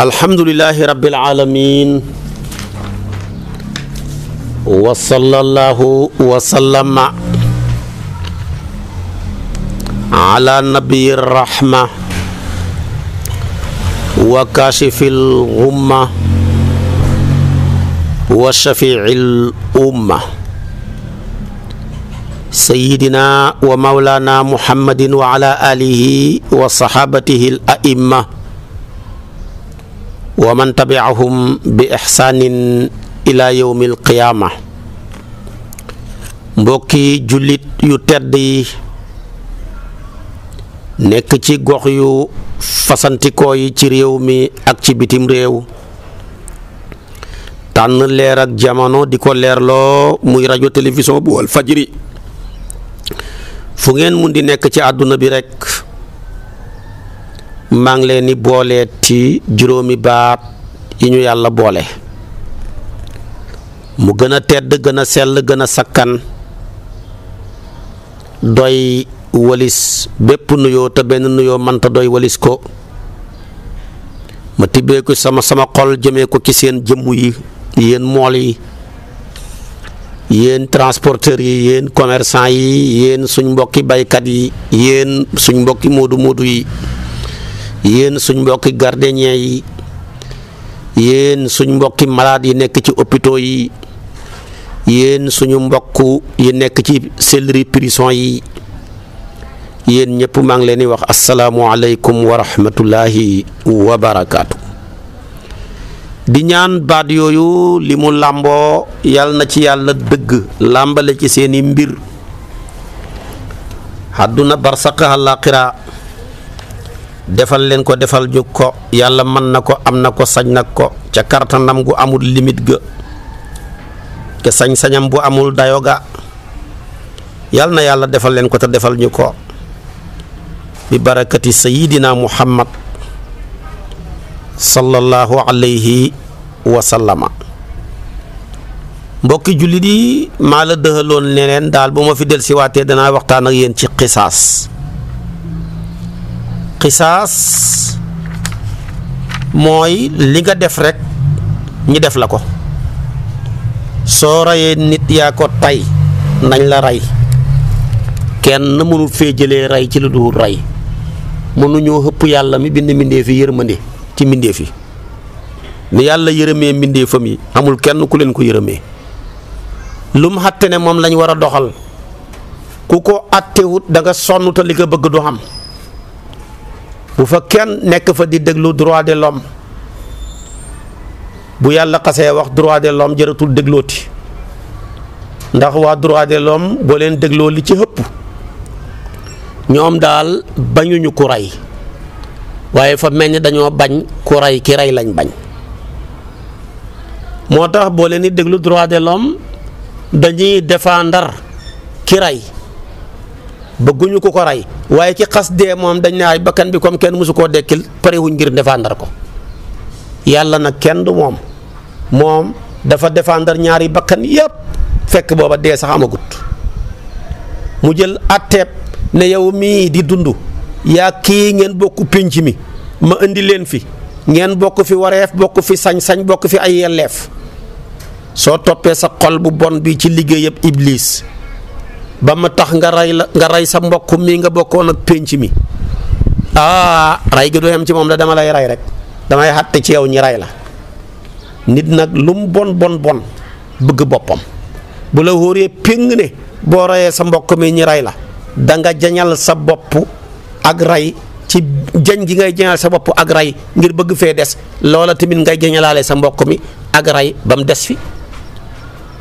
الحمد لله رب العالمين وصلى الله وسلم على نبي الرحمة وكاشف الغمة وشفيع الأمة سيدنا ومولانا محمد وعلى آله وصحابته الأئمة wa man tabiahum bi ixsaanin ila yowmi alqiyaama mbokki jullit yu tedd yi nekk ci gox yu fasantikoo yi ci réew mi ak ci bitim réew tànn leer ak jamono di ko leerloo muy rajo télévision bu Walfajri fu ngeen mun di nekk ci àdduna bi rekk mang leen ni boole ci juróomi baat yi ñu yàlla boole mu gën a tedd gën a sell gën a sakkan doy walis bépp nuyoo te benn nuyoo manta doy walis ko ma tibbee ko sama sama xol jëmee ko ci seen jëmm yi yéen mool yi yéen transporteur yi yéen commerçant yi yéen suñ mbokki baykat yi yéen suñ mbokki moodu moodu yi yéen suñ mbokki gardien yi yéen suñ mbokki malade yi nekk ci hôpitaux yi yéen suñu mbokk yi nekk ci sellerie prison yi yéen ñëpp maa ngi leen di wax asalaamualeykum wa rahmatullahi wa barakaatu di ñaan baat yooyu li mu làmboo yàlla na ci yàlla dëgg làmbale ci seeni mbir àdduna barsax àllaaxira defal leen ko defal ju ko yàlla mën na ko am na ko sañ nag ko ca kartanam gu amul limite ga sañ-sañam bu amul dayo ga yàlla na yàlla defal leen ko te defal ñu ko bi barakati sayidina muhammad sallallahu alayhi wa sallama mbokki jullit yi maa la dëxaloon leneen daal bu ma fi del siwaatee danaa waxtaan ak yéen ci xisaas qisas moy li nga def rek ñi def la ko so raye nit ya ko tay nañ la ray kenn mënu fee jëlee rey ci lu ray mënu ñu hëpp yalla mi bind minde fi yërmande ci minde fi ni yalla yërmé minde fam yi amul kenn ku leen ko yërmé lum xatte ne mom lañ wara doxal ku ko wut da nga sonu ta li nga bëgg du xam bu fa kenn nekk fa di déglu droit de l'homme bu yàlla xasee wax droit de l'homme jëratul déglooti ndax waa droit de l'homme boo leen dégloo li ci ëpp ñoom daal bañuñu ku rey waaye fa mel dañoo bañ ku rey ki rey lañ bañ moo tax boo leen di déglu droit de l'homme dañuy défendre ki rey bëgguñu ku ko rey waye ki xas dee moom dañ ay bakkan bi comme ken musu dekil pare wu ngir defandar ko yalla nak ken du moom mom dafa defandar ñaari bakkan yeb fekk boba de sax amagut mu jël atep ne yow mi di dundu ya kii ngeen bokku pénc mi ma andi len fi ngeen bokku fi waref bokku fi sañ-sañ bokku fi ay yelef So topé sa xol bu bon bi ci yeb iblis ba ma tax nga ray la nga ray sa mbokk mi nga bokkoon ak pénc mi ah ray gi du yem ci moom da dama lay ray rek damay xàtte ci yow ñi ray la nit nag lu mu bon bon bon bëgg boppam bu la wóoree péng ne boo reyee sa mbokk mi ñi ray la danga nga jañal sa bopp ak rey ci jañ gi ngay jañal sa bopp ak rey ngir bëgg fee des loola tamit ngay jañalaale sa mbokk mi ak rey ba mu des fi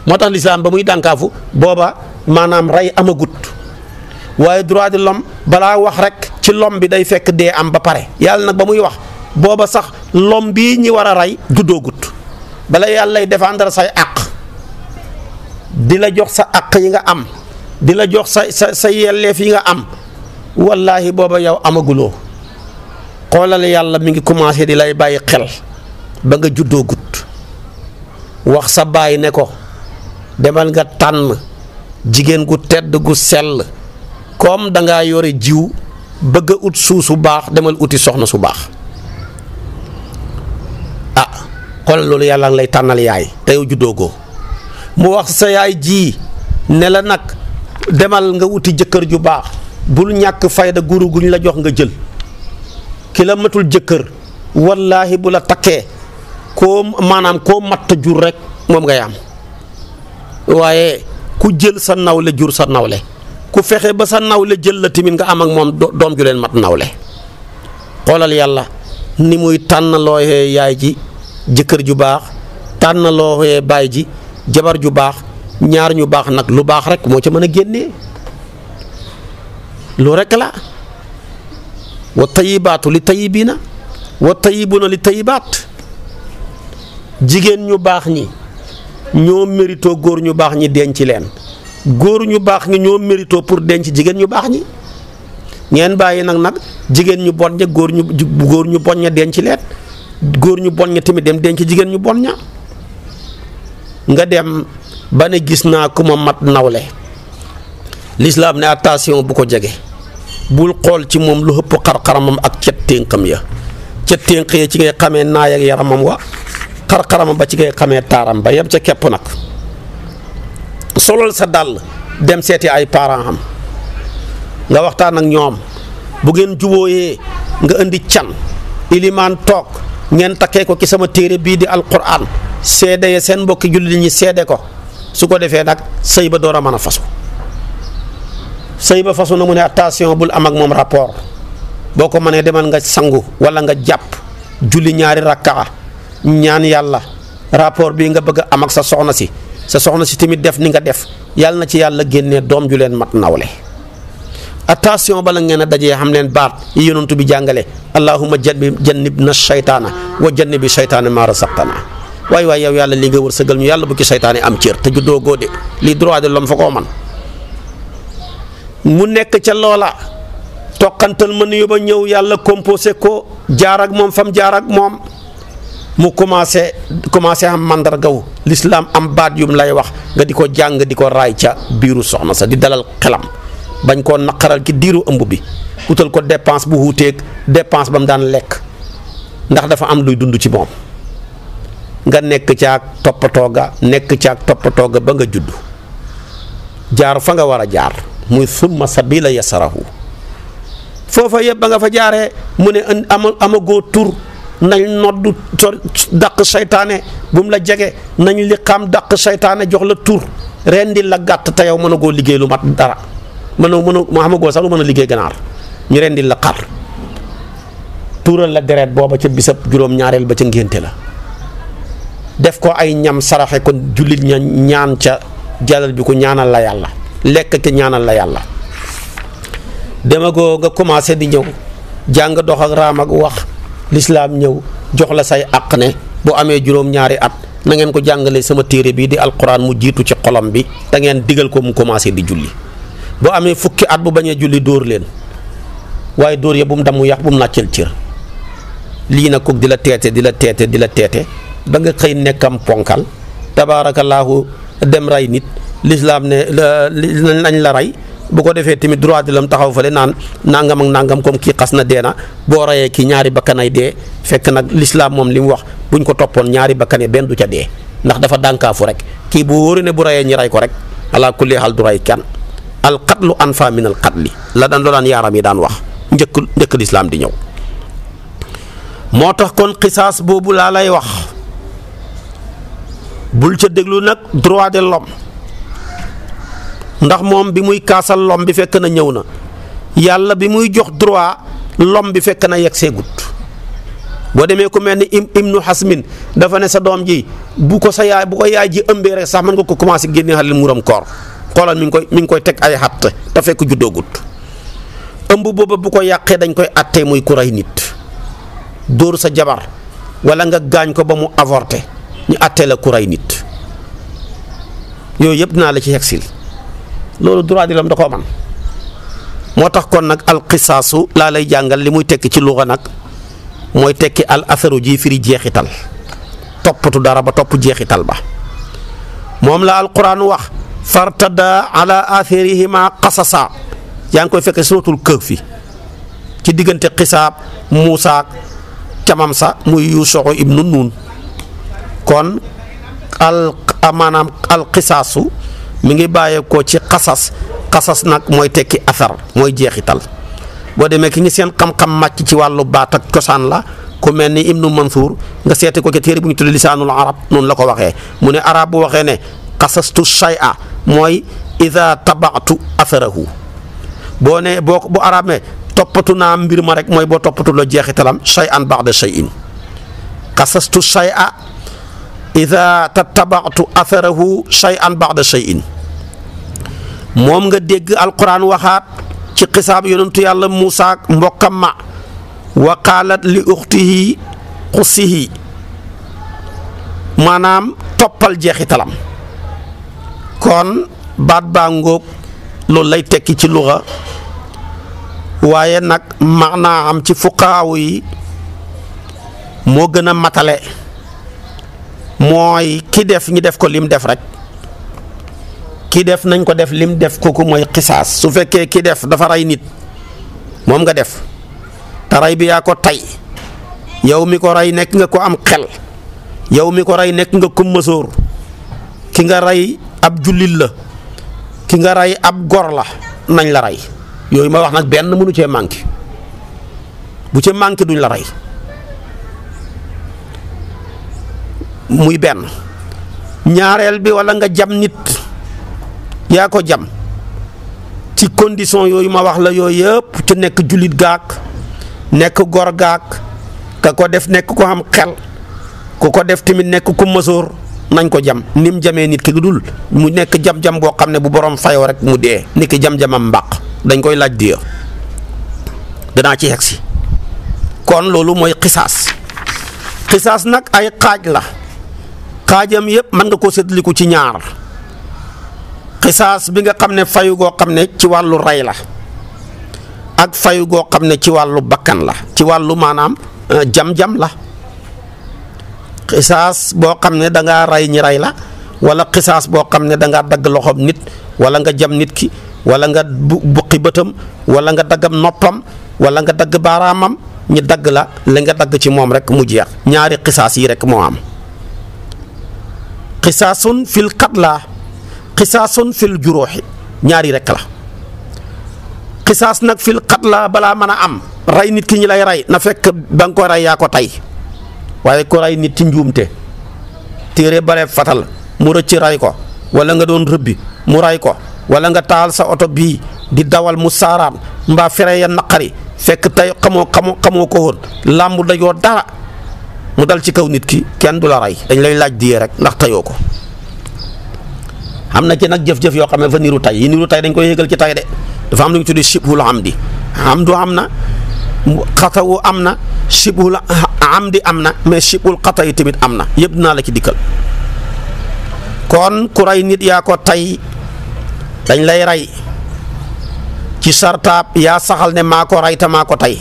moo tax lislaam ba muy dànkaafu booba manam ray amagut waye droit de l'homme bala wax rek ci l'homme bi day fekk dee am ba pare yalla nak bamuy wax boba sax l'homme bi ñi wara ray du dogut bala yalla lay défendre say ak dila jox sa ak yi nga am dila jox sa sa sa yi nga am wallahi boba yow amagulo xolal yalla mi ngi commencé di lay baye xel ba nga juddoogut wax sa bàyyi ne ko demal nga tan jigéen gu tedd gu sell comme da ngaa yore jiw bëgg ut suuf su baax demal uti soxna su baax ah xoolal loolu yàlla ngi lay tànnal yaay te yow ko mu wax sa yaay ji ne la nag demal nga wuti jëkkër ju baax bul ñàkk fayda guru guñ la jox nga jël ki matul jëkkër wallaahi bu la takkee koo maanaam koo matt jur rek moom ngay am waaye ku jël sa nawle jur sa nawle ku fexe ba sa nawle jël la tamit nga am ak moom doom ju leen mat nawle xoolal yàlla ni muy tànn looyee yaay ji jëkkër ju baax tànn looyee baay ji jabar ju baax ñaar ñu baax nag lu baax rekk moo ca mën a génnee lu rekk la wa tayibaatu li na wa tayibuuna li tayibaat jigéen ñu baax ñi ñoo méritoo góor ñu baax ñi denc leen góor ñu baax ñi ñoo méritoo pour denc jigéen ñu baax ñi ngeen bàyyi nag nag jigéen ñu bon ña góor ñu góor ñu bon ña denc leen góor ñu bon ña tamit dem denc jigéen ñu bon ña nga dem ba ne gis naa ku ma mat nawle lislaam ne attention bu ko jege bul xool ci moom lu ëpp xar-xaramam ak cet ténqam ya cet ténq ya ci ngay xamee naay ak yaramam wa kar xaramam ba ci ngay xamee taram ba yam ci kep nak solol sa dal dem seti ay parents am nga waxtaan ak ñom bu ngeen jubooyee nga indi cyan iliman tok ngeen takkee ko ci sama téré bi di alquran seedeye ya sen mbokki julli ñi seede ko su ko defee nag ba door mëna fasu sëy ba fasu na mu attention bul am ak mom rapport boko ko demal nga sangu wala nga japp julli ñaari ñaan yàlla rapport bii nga bëgg a am ak sa soxna si sa soxna si tamit def ni nga def yàlla na ci yàlla génnee doom ju leen mat nawle attention bala ngeen a dajee xam leen baat yi yonent bi jàngale allahumma janni jannib na shaytaana wa jannibi shaytaana maa razaqtana waaye waaye yow yàlla li nga wërsëgal ñu yàlla bu ci shaytaane am cër te juddoo góode lii droit de l'homme fa koo man mu nekk ca loola toqantal ma nuyu ba ñëw yàlla composé ko jaar moom fam jaar moom mu commencé commencé am gaw l'islam am baat yum lay wax nga diko jang diko ray ca biiru soxna sa di dalal kelam, bagn ko nakaral ki diiru ëmb bi utal ko dépense bu wuuteeg dépense bam daan ndax dafa am luy dund ci moom nga nekk caag toppatoo ga ci ak toppatoo ga ba nga judd jaar fa nga wara jaar muy summa sabila yasarahu fofa yeb nga fa jaaré mune amago tour nañ noddu daq seytaane bu mu la jege nañ liqaam daq saytaane jox la tur rendi la gàtt te yow mën a goo liggéey lu mat dara mën a mën a ma xamagoo sax lu mën a liggéey ganaar ñu rendi la xar tuural la deret booba ca bisab juróom-ñaareel ba ca ngénte la def ko ay ñam saraxe ko jullit ña ñaan ca jalal bi ko ñaanal la yàlla lekk ca ñaanal la yàlla demagoo nga commencé di ñëw jàng dox ak raam ak wax l'islam ñew jox la say ak ne bu amé juroom ñaari at na ngeen ko jàngale sama téré bi di alquran mu jiitu ci xolam bi da ngeen digal ko mu commencé di julli bu amé fukki at bu bañee julli door leen waaye door ya bu mu damu yax bu mu nàccel cër lii nag koog di la teete di la teete di la teete ba nga xëy nekkam ponkal tabarakallahu dem ray nit l'islam ne lañ la ray bu ko defee tamit droit de l'homme taxaw fale naan nangam ak nangam comme kii xas na dee na boo rayee kii ñaari bakkanay dee fekk nag lislaam moom li mu wax buñ ko toppoon ñaari bakkane benn du ca dee ndax dafa dànkaafu rek kii bu wóoru ne bu rayee ñi ray ko rek ala kulli xal du ray kenn al qatlu anfa min al qatli la daan loo daan yaaram yi daan wax njëkk njëkk lislaam di ñëw moo tax kon xisaas boobu laa lay wax bul ca déglu nag droit de l'homme ndax moom bi muy kaasal lom bi fekk na ñëw na yàlla bi muy jox droit lom bi fekk na yegg seegut boo demee ku mel ni im ibnu xasmin dafa ne sa doom ji bu ko sa yaay bu ko yaay ji ëmbee rek sax mën nga ko commencé génne xalil muram koor xoolal mi ngi koy mi ngi koy teg ay xatt te fekk juddoogut ëmb booba bu ko yàqee dañ koy attee muy ku rey nit dóor sa jabar wala nga gaañ ko ba mu avorté ñu attee la ku rey nit yooyu yëpp naa la ci yegsil lolu droit di lam da ko man motax kon nak al qisas la lay jangal limuy tek ci luxa nak moy tekki al asaru ji firi jeexital topatu dara ba top jeexital ba mom la alquran wax fartada ala athirihima qasasa Yang koy fekke suratul fi ci diggante qisab musa tamam sa muy yusuf ibnu nun kon al amanam al qisaasu mi ngi bàyyeekoo ci kasas xasas nag mooy tekki athar mooy jeexital boo demee ki ngi seen xam-xam màcc ci wàllu baat ak cosaan la ku mel ni Ibnu Mansour nga seeti ko ci téere bu ñu tudd lisaanul arab noonu la ko waxee mu ne arab bu waxee ne xasastu shay'a mooy ida tabaatu atharahu boo ne boo bu arab ne toppatu naa mbir ma rek mooy boo toppatu la jeexitalam shay'an ba'da shay'in xasastu shay'a ida tattabatu atharahu shay'an ba'da shay'in moom nga dégg alquran waxaat ci xisaab yonentu yàlla Muusaa mbokkam ma wa qaalat li uxtihi xusihi maanaam toppal jeexitalam kon baat baa ngóog loolu lay tekki ci luxa waaye nag maanaa am ci fuqaaw yi moo gën a matale mooy ki def ñu def ko lim def rek ki def nañ ko def lim def ko kooku mooy xisaas su fekkee ki def dafa rey nit moom nga def te rey bi yaa ko tay yow mi ko rey nekk nga ko am xel yow mi ko rey nekk nga ko mësoor ki nga rey ab jullit la ki nga rey ab gor la nañ la rey yooyu ma wax nag benn mënu cee manqué bu ci manqué duñ la rey muy ben ñaareel bi wala nga jam nit ya ko jam ci condition yo ma wax la yooyu yëpp ci nekk julit gaak nekk gor ka ko def nekk ko am xel ku ko def tamit nekk ku mësoor nañ ko jam nim jamee nit ki dul mu jam jam boo kam ne bu borom fayoo rek mu dee jam jamam mbaq dañ koy laaj diya danaa ci yegsi kon loolu moy xisaas kisas nak ay xaaj la xaajam yépp man nga koo séddaliku ci ñaar xisaas bi nga xam ne fayu goo xam ne ci wàllu rey la ak fayu goo xam ne ci wàllu bakkan la ci wàllu maanaam euh, jam-jam la xisaas boo xam ne da ngaa rey ñi rey la wala xisaas boo xam ne da ngaa dagg loxom nit wala nga jam nit ki wala nga buqi bëtam wala nga daggam noppam wala nga dagg baaraamam ñi dagg la la nga dagg ci moom rek mu jeex ñaari xisaas yi rek moo am xisaasun fil xatlaa xisaasun fil juróoxi ñaari rekk la xisaas nag fil xatlaa balaa mën a am rey nit ki ñi lay rey na fekk ba nga ko rey yaa ko tey waaye ko rey nit ci njuumte téere bare fatal mu rëcc rey ko wala nga doon rëbbi mu rey ko wala nga taal sa oto bii di dawal mu saaraam mbaa fere ya naqari fekk tey xamoo xamoo ko woon làmb dajoo dara mu dal ci kaw nit ki kenn du la rey dañ lay laaj diyee rek ndax tayoo ko am na ci nag jëf-jëf yoo xam ne fa niru tay yi niru tay dañ koy yëgal ci tay de dafa am lu ñu tuddee shibhul amdi amdu am na xatawu am na shibhul am na mais shibhul xata yi tamit am na yëpp dinaa la ci dikkal kon ku ray nit yaa ko tay dañ lay ray ci sartaab yaa saxal ne maa ko rey te tay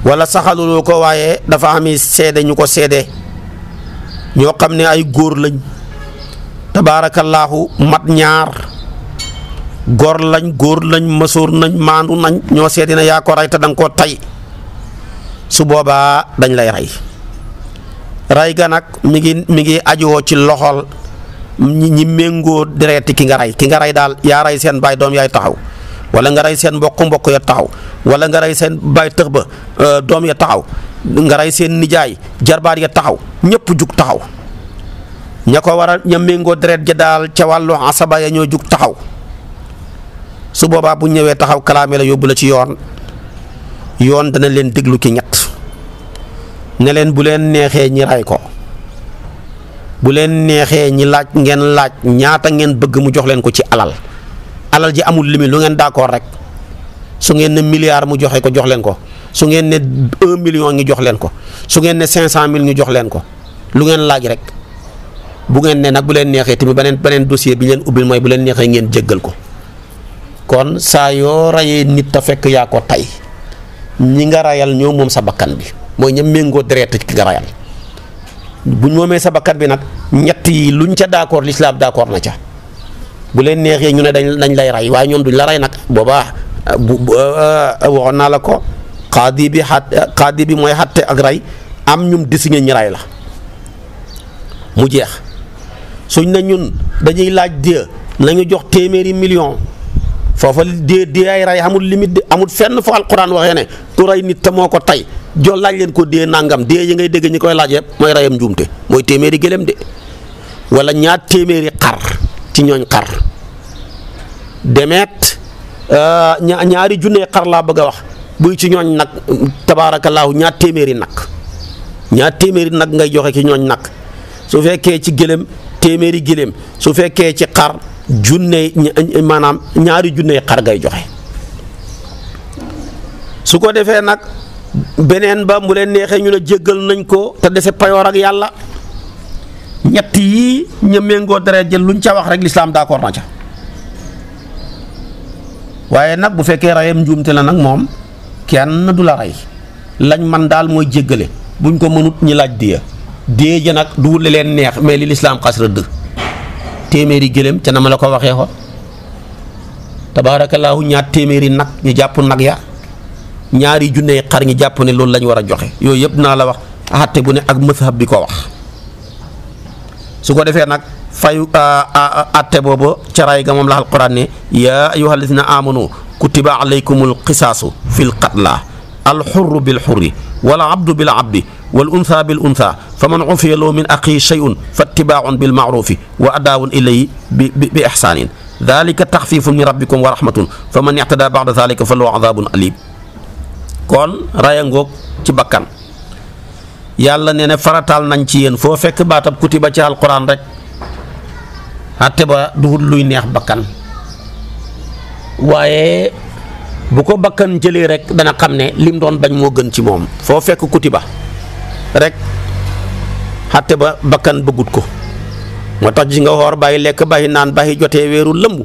wala saxalulu ko waaye dafa ami seede ñu ko seede ñoo xam ne ay góor lañ tabaarakallaahu mat ñaar góor lañ góor lañ mësoor nañ maandu nañ ñoo seede na yaa ko rey te danga ko tay su boobaa dañ lay rey rey ga nag mi ngi mi ngi ajuwoo ci loxol ñi méngoo dereeti ki nga rey ki nga rey daal yaa rey seen baay doom yaay taxaw wala nga ray sen mbokk mbokk ya taw wala nga ray sen bay tëx ba euh, dom ya taw nga ray sen nijaay jarbaar ya taw ñepp juk taw ñako ko waral ña méngoo deret ja daal ca asaba ya ñoo juk taw su boba bu ñewé taxaw kalaame la yobul ci yoon yoon dana leen deglu ki ñatt ne leen bu leen nexé ñi ray ko bu leen nexé ñi laaj ngeen laaj ñaata ngeen bëgg mu jox leen ko ci alal alal ji amul limi lu ngeen d'accord rek su ngeen ne milliard mu joxe ko jox len ko su ngeen ne 1 million ngi jox len ko su ngeen ne 500000 ngi jox len ko lu ngeen laaj rek bu ngeen ne nak bu len nexe timi benen benen dossier bi len ubil moy bu len nexe ngeen jéggal ko kon sa yo raye nit ta fek ya ko tay ñi nga rayal ñoo mom sa bakkan bi moy ñam mengo deret ci nga rayal buñ moomee sa bakkat bi nak ñett yi luñ ca d'accord l'islam d'accord na ca bu leen neexee ñu ne dañ dañ lay ray waaye ñoom duñ la rey nag boobaa ah, ah, ah, waxoon naa la ko xaadi bi xat bi mooy xatte ak am ñum désigné ñi rey la mu jeex suñ ne ñun dañuy laaj dieu jox téeméeri million foofa dieu dieu ay rey amul amul fenn foo alquran waxee ne ku rey moo ko tey jo laaj leen ko dieu nangam dieu yi ngay dégg ñi koy laaj yëpp mooy reyam njuumte mooy téeméeri gëlem de wala ñaar téeméeri xar ci ñooñ xar demeet euh, ñaari junne xar laa bëgg a wax buy ci ñooñ nag tabaarakallaahu ñaar téeméeri nag ñaar téeméeri nag ngay joxe ci ñooñ nag su fekkee ci gëlëm téeméeri gëlëm su fekkee ci xar junne maanaam ñaari junne xar ngay joxe su ko defee nag beneen ba mu leen neexee ñu ne jéggal nañ ko te dese payoor ak yàlla ñett yi ña méngoo dara jël luñ ca wax rek lislaam d'accord na ca waaye nag bu fekkee rayam njuumte la nag moom kenn du la rey lañ man daal mooy jéggale buñ ko mënut ñi laaj diya dee ja nag du li leen neex mais li lislaam xas rëdd téeméeri gëléem ca na ma la ko waxee xool tabaarakallaahu ñaar téeméeri nag ñu jàpp nag ya ñaari junne xar ñu jàpp ne loolu lañ war a joxe yooyu yëpp naa la wax àtte bu ne ak mazhab bi ko wax suko defé nak fayu atte bobo ca ray ga moom la alquran ni ya ayuha alladina amanu kutiba alaykum alqisaasu fi lqatla untha bilxurri walabdu bilabdi والأنثى بالأنثى فمن عفي له من أخيه شيء فاتباع بالمعروف وأداء إليه بإحسان ذلك تخفيف من ربكم ورحمة فمن اعتدى بعد ذلك فله عذاب أليم كون رايانغوك تبكان yalla neena faratal nañ ci yeen fo fekk batab kutiba ci alquran rek hatte ba duul luy neex bakkan waye bu ko bakkan jeli rek dana xamne ne lim doon bañ mo gën ci mom fo fekk kutiba rek hatte ba bakkan bëggut ko moo tax ji nga hor bàyyi lek bàyyi nan bàyyi jotee weeru lëmb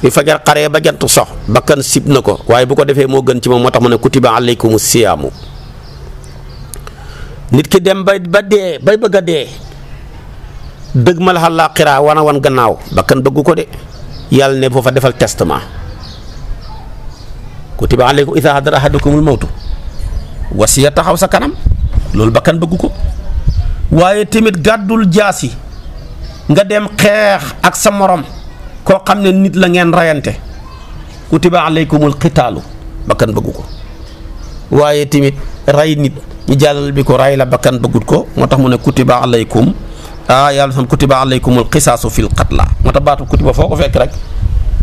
fi fajar qare ba jant sox bakkan sib na bu ko defé mo gën ci mom tax kutiba alaykumus siyaamu nit ki dem bay ba dee bay bëgg a dee dëgg ma la àllaaxira wana wan gannaaw bakkan bëggu ko de yàlla ne fa defal testament kutiba aleykum idaa hadara ahadakumul mawtu wasiya taxaw sa kanam loolu bakkan bëggu ko waaye tamit gàddul jaasi nga dem xeex ak sa morom koo xam ne nit la ngeen rayante kutiba aleykumul qitaalu bakkan bëggu ko waaye tamit rey nit ñu jàllal bi ko raay la bakkan bëggut ko moo tax mu ne kutiba alaykum ah yàlla sam kutiba alaykumul xisaasu fil qatla moo tax baatu kutiba foo ko fekk rek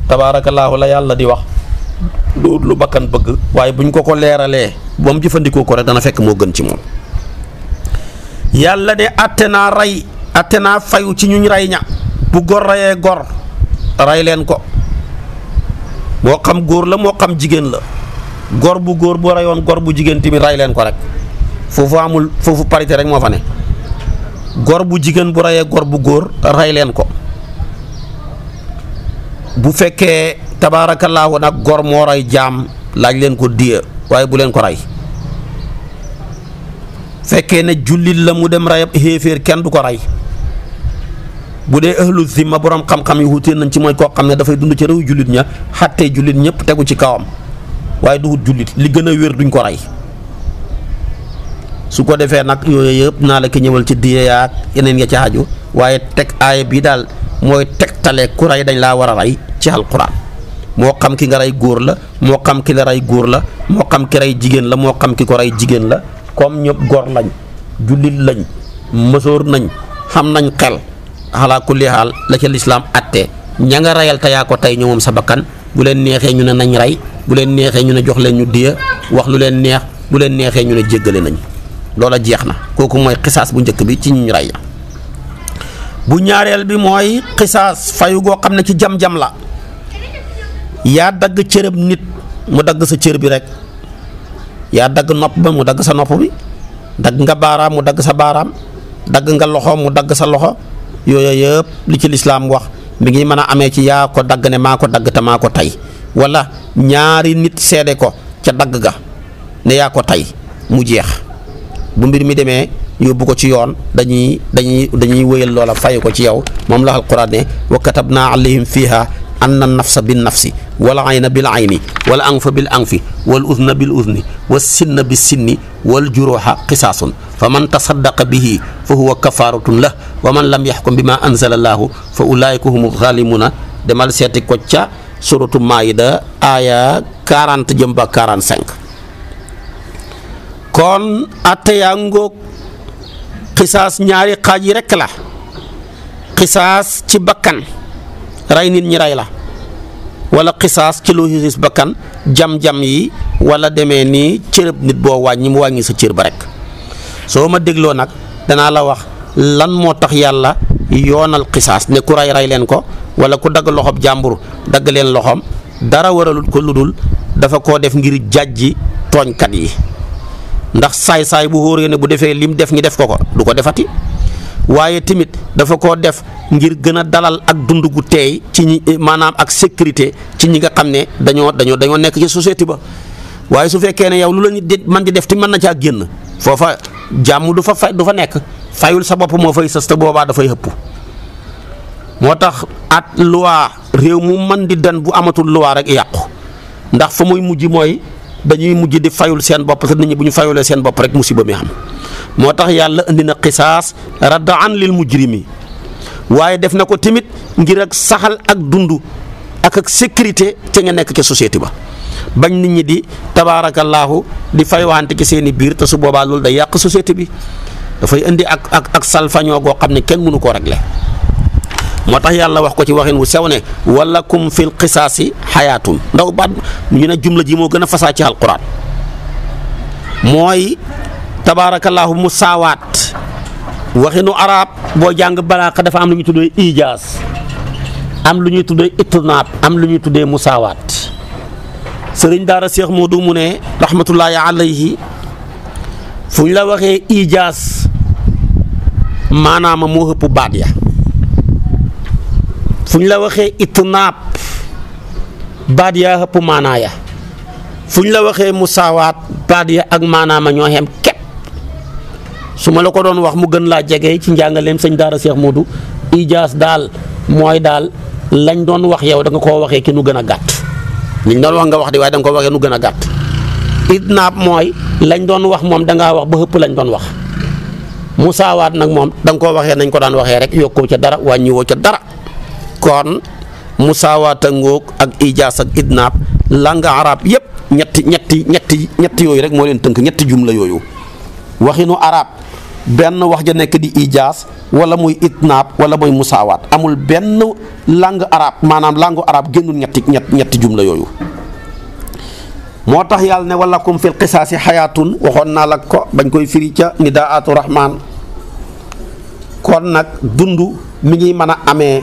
tabaarakallaahu la yàlla di wax lu lu bakkan bëgg waaye buñ ko ko leeralee ba mu jëfandikoo ko rek dana fekk moo gën ci moom yàlla de àtte naa rey àtte naa fayu ci ñuñ rey ña bu gor reyee gor rey leen ko moo xam góor la moo xam jigéen la gor bu góor bu reyoon gor bu jigéen tamit rey leen ko rek foofu amul foofu parité rek moo fa ne gor bu jigéen bu reyee gor bu góor rey leen ko bu fekkee tabaarakallaahu nag gor moo rey jaam laaj leen ko diya waaye bu leen ko rey fekkee ne jullit la mu dem rey ab xéeféer kenn du ko rey bu dee ahlu zimma borom xam-xam yi wutee nañ ci mooy koo xam ne dafay dund ci réew jullit ña xattee jullit ñëpp tegu ci kawam waaye du wut jullit li gën a wér duñ ko rey su ko defee nag yooyu yëpp naa la ki ñëwal ci diyaat yeneen ya ci xaju waaye teg aaya bii daal mooy tegtale ku rey dañ laa war a rey ci alquran moo xam ki nga rey góor la moo xam ki la rey góor la moo xam ki rey jigéen la moo xam ki ko rey jigéen la comme ñëpp góor lañ jullit lañ mësoor nañ xam nañ xel xalaa kulli xaal la ca lislaam attee ña nga reyal te yaa ko tey ñoom sa bakkan bu leen neexee ñu ne nañ rey bu leen neexee ñu ne jox leen ñu diya wax lu leen neex bu leen neexee ñu ne jéggale nañ Lola jeexna koku moy qisas bu njëkk bi ci ñu ray bu ñaarel bi moy qisas fayu go xamne ci jam-jam la Ya dag cërëb nit mu dag sa cër bi rek ya dag nopp ba mu dag sa nopp bi dag nga bara mu dag sa baram dag nga loxo mu dag sa loxo yooyu yeb li ci l'islam wax mi ngi mën amé ci ya ko dag ne mako dag ta te tay wala ñaari nit sédé ko ca dag ga ne ya ko tay mu jeex bu mbir mi demee yóbbu ko ci yoon dañuy dañuy dañuy weyel loola fay ko ci yaw mom la alquran ne wa katabna alayhim fiha anna an nafsa bin nafsi wal ayna bil ayni wal anfa bil anfi wal udhna bil udhni was sinna bis sinni wal juruha qisasun faman tasaddaqa bihi fa huwa kafaratun lah wa man lam yahkum bima anzala Allah fa ulaika humu zalimuna demal seeti ko ca suratul maida aya 40 jëm ba 45 kon atte yaa ngoog xisaas ñaari xaaj yi rekk la xisaas ci bakkan rey nit ñi rey la walla xisaas ci lu bakkan jam-jam yi wala deme ni cërëb nit boo wàññi mu wàññi sa cër ba rekk soo ma dégloo nag danaa la wax lan moo tax yàlla yoonal xisaas ne ku rey rey leen ko wala ku dagg loxoom jàmbur dagg leen loxoom dara waralul ko lu dul dafa ko def ngir jàjji tooñkat yi ndax saay saay bu wóoree ne bu defee lim def ñi def ko ko du ko defati waaye timit dafa koo def ngir gën dalal ak dundu gu teey ci ñi ak sécurité ci ñi nga xam ne dañoo dañoo dañoo nekk ci société ba waaye su ne yow lu la ñu di man di def ti mën na caa génn foofa jàmm du fa fay du fa fayul sa bopp moo fay sës te boobaa dafay hëpp moo at loi réew mu man di dan bu amatul loi rek yàqu ndax fa muy mujj dañuy mujj di fayul seen bop parce nit ñi buñu fayulé seen rek musiba mi am motax yalla andi na qisas radan lil mujrimi waye def nako timit ngir ak saxal ak dundu ak ak sécurité ci nga nek ci société ba bañ nit ñi di tabarakallahu di faywante ci seen biir te su boba lool da yaq société bi dafay indi ak ak ak salfaño go xam kenn mënu ko régler moo tax yàlla wax ko ci waxin wu sew ne walakum fil qisaasi xayaatun ndax baat ñu ne jumla ji moo gën a fasaa ci alquran mooy tabaarakallaahu mu saawaat waxinu araab boo jàng balaaxa dafa am lu ñuy tuddee ijaas am lu ñuy tuddee naat am lu ñuy tuddee musaawaat sëriñ daara moo du mu ne rahmatullaahi alayhi fu ñu la waxee ijaas maanaama moo ëpp baat ya fuñ la waxé itnab badia yaa manaya fuñ ya la waxé musawat badia ak manama ñoo xem kep suma ma la ko doon wax mu gën la jege ci njàngaleem sëñ dara Cheikh Modou ijaz dal moy dal lañ doon wax yow da nga ko waxé ki nu gëna gatt ni liñ doon wax nga wax di way da nga ko waxé nu gëna gatt itnab moy lañ doon wax mom da nga wax ba lañ doon wax musawat nak mom dang ko waxe ko daan waxe rek yokko ci dara wo ci dara kon musawata ngok ak ijaas ak langga langa arab yep ñetti ñetti ñetti ñetti yoy rek mo len teunk ñetti jumla yoyu waxinu arab benu wax ja nek di ijaz wala muy itnaab wala muy musawat amul benu langga arab manam langu arab gennul ñetti ñet ñetti jumla yoyu motax yal ne walakum fil qisas hayatun waxoon naa la ko bañ koy firi ca nidaatu rahman kon nak dundu mi ngi amé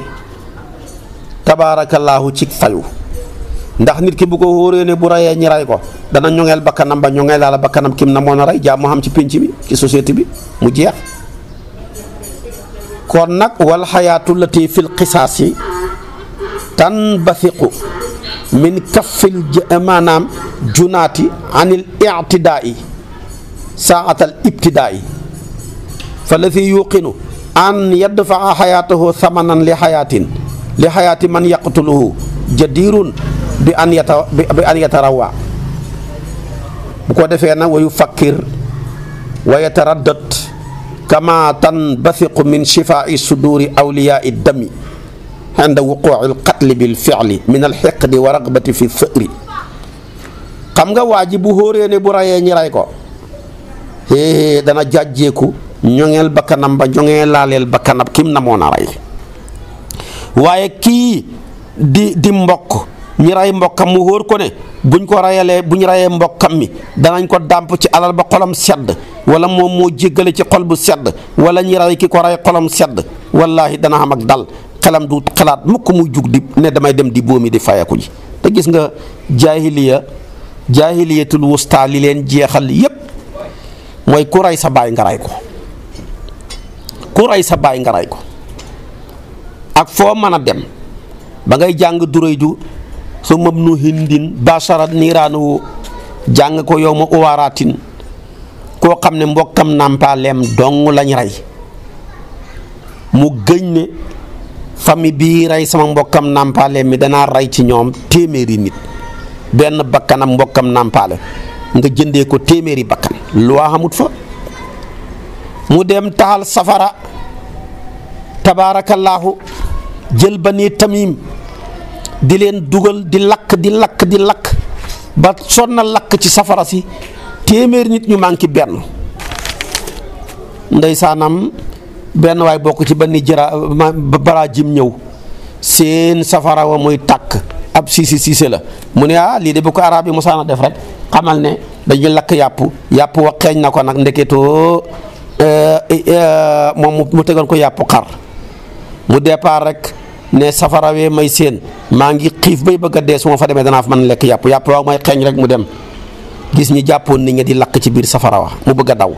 تبارك الله تيك fayu ndax nit ki bu ko horene bu raye ñi ray ko dana ñongel bakanam ba ñongel la bakanam kim na moon a rey jàmm xam ci pénc bi ci society bi mu jeex kon nak wal hayatu lati fil qisas tan bathiqu min kaffil maanaam junati anil ictidaai saatal ibtidaai fa lati yuqinu an yadfaa hayatuhu thamanan li hayatin li hayati man yaqtuluhu jadirun bi an yata bi an yatarawa bu ko defee nag wayu fakkir wa yataraddad kama tanbathiqu min shifaa'i suduri awliyaa'i dami عند وقوع القتل بالفعل من الحقد ورغبة في الثأر xam nga waaji bu hóoree ne bu rayee ñi ray ko hee dana jàjjeeku ñoŋeel bakanam ba ñoŋee laaleel bakkanam kim namoon waaye kii di di mbokk ñi rey mbokkam mu wóor ko ne buñ ko rayalee buñ rayee mbokkam mi danañ ko dàmp ci alal ba xolam sedd wala moom moo jéggale ci xol bu sedd wala ñi rey ki ko rey xolam sedd wallaahi dana am ak dal xelam du xalaat mukk muy jug di ne damay dem di boomi di fayeku ji te gis nga jaahiliya jaahiliyatul wusta li leen jeexal yépp mooy ku rey sa baay nga rey ko ku rey sa baay nga rey ko ak foo mën a dem ba ngay jàng duraydu su mab nu hindin basarat niiraanu jàng ko yow ma uwaaraatin koo xam ne mbokkam nàmpaaleem dong lañ rey mu gëñ ne famille bii rey sama mbokkam nàmpaaleem mi danaa rey ci ñoom téeméeri nit benn bakkanam mbokkam nàmpaale nga jëndee ko téeméeri bakkan lu xamut fa mu dem taxal safara tabaarakallaahu jël bani tamim di leen dugal di lakk di lakk di lakk ba sonna lakk ci safara si téeméer nit ñu manqué benn ndeysaanam benn waay bokk ci bani jara bara jim ñëw seen safara wa muy takk ab siisi siise la mu ne ah lii de bu ko arab yi mosaana def rek xamal ne dañuy lakk yàppu yàpp wa xeeñ na ko nag ndeketoo eh, eh, eh, moom mu tegal ko yàpp xar mu départ rek ne safara wee may seen ma ngi xif bay bëgg a dee fa démé dana fa man lekk yap yap wa may xéñ rek mu dem gis ñi jappoon ni nga di lakk ci biir safara wa mu bëgg daw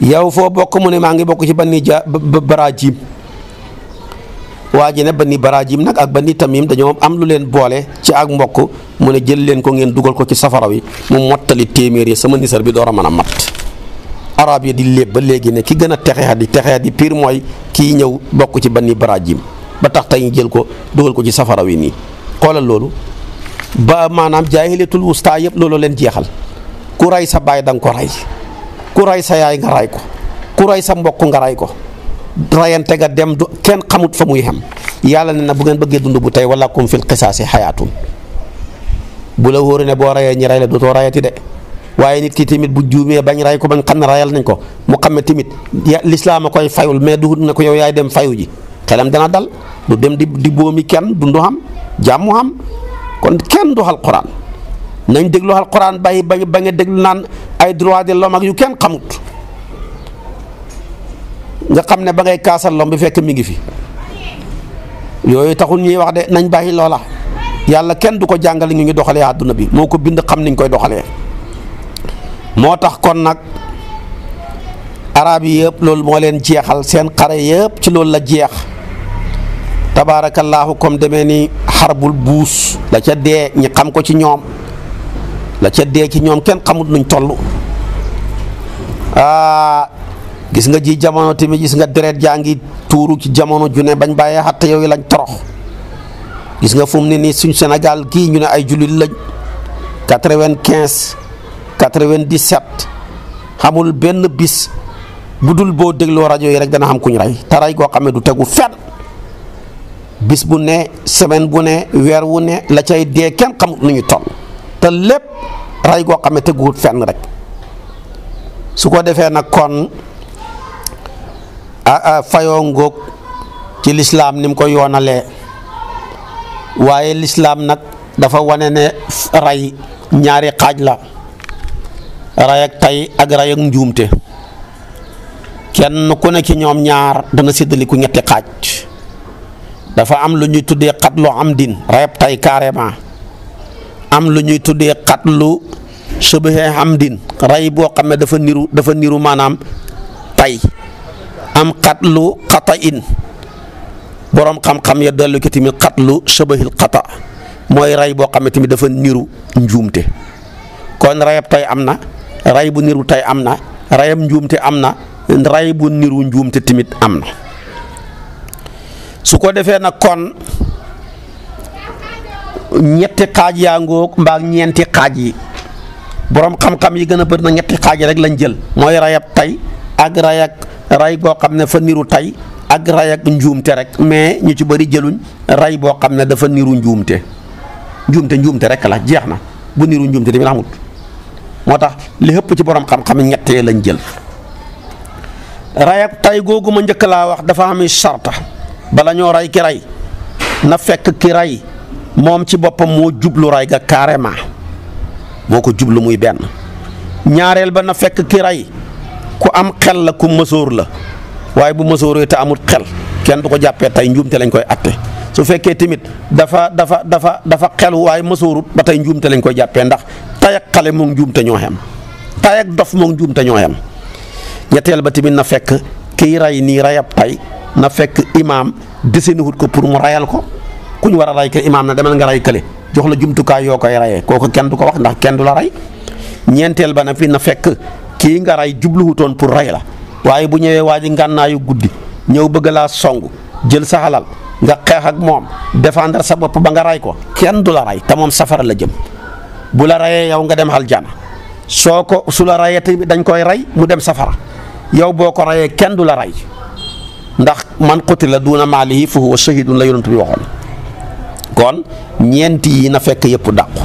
yow fo bokku mu ne ma ngi bokku ci banni barajim waji waa ne banni barajim nak ak banni tamim dañu am lu leen boole ci ak mbokk mu ne jël leen ko ngeen duggal ko ci safara wi mu motali téeméer ya sama nisar bi doora mëna araab yi di léeb ba léegi ne ki gën a texe texeat di texeat di piir mooy kii ñëw bokk ci banni barajim ba tax tey ñu jël ko dugal ko ci safara wi nii xoolal loolu ba maanaam jaahilatul wusta yëpp looloo leen jeexal ku ray sa baay da nga ko ray ku ray sa yaay nga ray ko ku ray sa mbokk nga ray ko rayante ga dem du kenn xamut fa muy xam yàlla ne na bu ngeen bëggee dund bu tey wala kum fil qisaasi xayaatun bu la wóoree ne boo rayee ñi ray la dootoo waaye nit ki tamit bu juumee bañ ray ko bañ xam ne rayal nañ ko mu xam ne tamit lislaam a koy fayul mais du na ko yow yaay dem fayu ji xelam dana dal du dem di di boomi kenn dundu xam jàmmu xam kon kenn du alquran nañ déglu alquran bàyyi ba ba nga naan ay droit de l'homme ak yu kenn xamut xam ne ba ngay kaasal lom bi fekk mi ngi fi yooyu taxul ñuy wax de nañ bàyyi loola yàlla kenn du ko jàngal ñu ngi doxalee àdduna bi moo ko bind xam niñ koy doxalee moo tax kon nag arab yi yëpp loolu moo leen jeexal seen xare yëpp ci loolu la jeex tabaarakallaahu comme demee ni xarbul buus la ca dee ñi xam ko ci ñoom la ca dee ci ñoom kenn xamut nuñ toll aa ah, gis nga ji jamono tamit gis nga deret jaa ngi tuuru ci jamono ju ne bañ bàyyee xatte yooyu lañ torox gis nga fu mu nii suñ Sénégal kii ñu ne ay jullit lañ quatre-vingt-quinze di 97 xamul benn bis bu dul boo dégloo rajo yi rek dana xam kuñ ray te rey koo xam ne du tegu fen bis bu ne semaine bu ne weer wu ne la cay dee kenn xam nu ñu toll te lépp ray goo xam ne teguwut fenn rek su ko defee nag kon a fayoo ngóog ci lislaam nim ko yoonalee waaye lislaam nag dafa wane ne rey ñaari xaaj la ray ak tay ak ray ak njuumte kenn ku ne ñoom ñaar dana séddaliku ñetti xaaj dafa am lu ñuy tuddee xatlu am din rayab tay carrément am lu ñuy tuddee xatlu sëbëxee am din ray boo xam ne dafa niru dafa niru maanaam tay am xatlu xata in boroom xam-xam ya dellu ko tamit xatlu sëbëxil xata mooy ray boo xam ne tamit dafa niru njuumte kon rayab tay am na ray bu niru tey am na rayam njuumte am na ray bu niru njuumte tamit am na su ko defee nag kon ñetti xaaj yaa ngoog mbaa ñeenti xaaj yi boroom xam-xam yi gën a bëri na ñetti xaaj yi rek lañ jël mooy rayab tey ak ray ray boo xam ne fa niru tey ak ray ak njuumte rek mais ñu ci bëri jëluñ ray boo xam ne dafa niru njuumte njuumte njuumte rek la jeex na bu niru njuumte tamit amut moo tax li ëpp ci borom xam-xam ñettee lañ jël ray ak tay googu ma njëkk laa wax dafa am sarta bala ñoo ray ki ray na fekk ki ray moom ci boppam moo jublu ray ga carrément moo ko jublu muy benn ñaareel ba na fekk ki ray ku am xel la ku mësoor la waaye bu mësooree te amul xel kenn du ko jàppee tey njuumte lañ koy atte su fekkee tamit dafa dafa dafa dafa xel waaye mësoorut ba tey njuumte lañ koy jàppee ndax tay xale moom njuumte ñoo xam tay ak dof moom njuumte ñoo xam ñetteel ba tamit na fekk kiy ray nii rayab tay na fekk imaam deseni wut ko pour mu rayal ko ku ñu war a ray ke imaam na demal nga ray kële jox la jumtukaay yoo koy rayee kooku kenn du ko wax ndax kenn du la ray ñeenteel ba na fi na fekk kii nga ray jubluwutoon pour ray la waaye bu ñëwee waa ji ngànnaayu guddi ñëw bëgg laa song jël sa xalal nga moom défendre sa bopp ba nga ray ko kenn du la ray te moom safara la jëm. bu la rayee yow nga dem aljana soo ko su la rayee tamit dañ koy rey mu dem safara yow boo ko rayee kenn du la rey ndax man qutila duuna maalihi fa huwa shahidun la yonent bi waxoon kon yi na fekk yëpp dàqu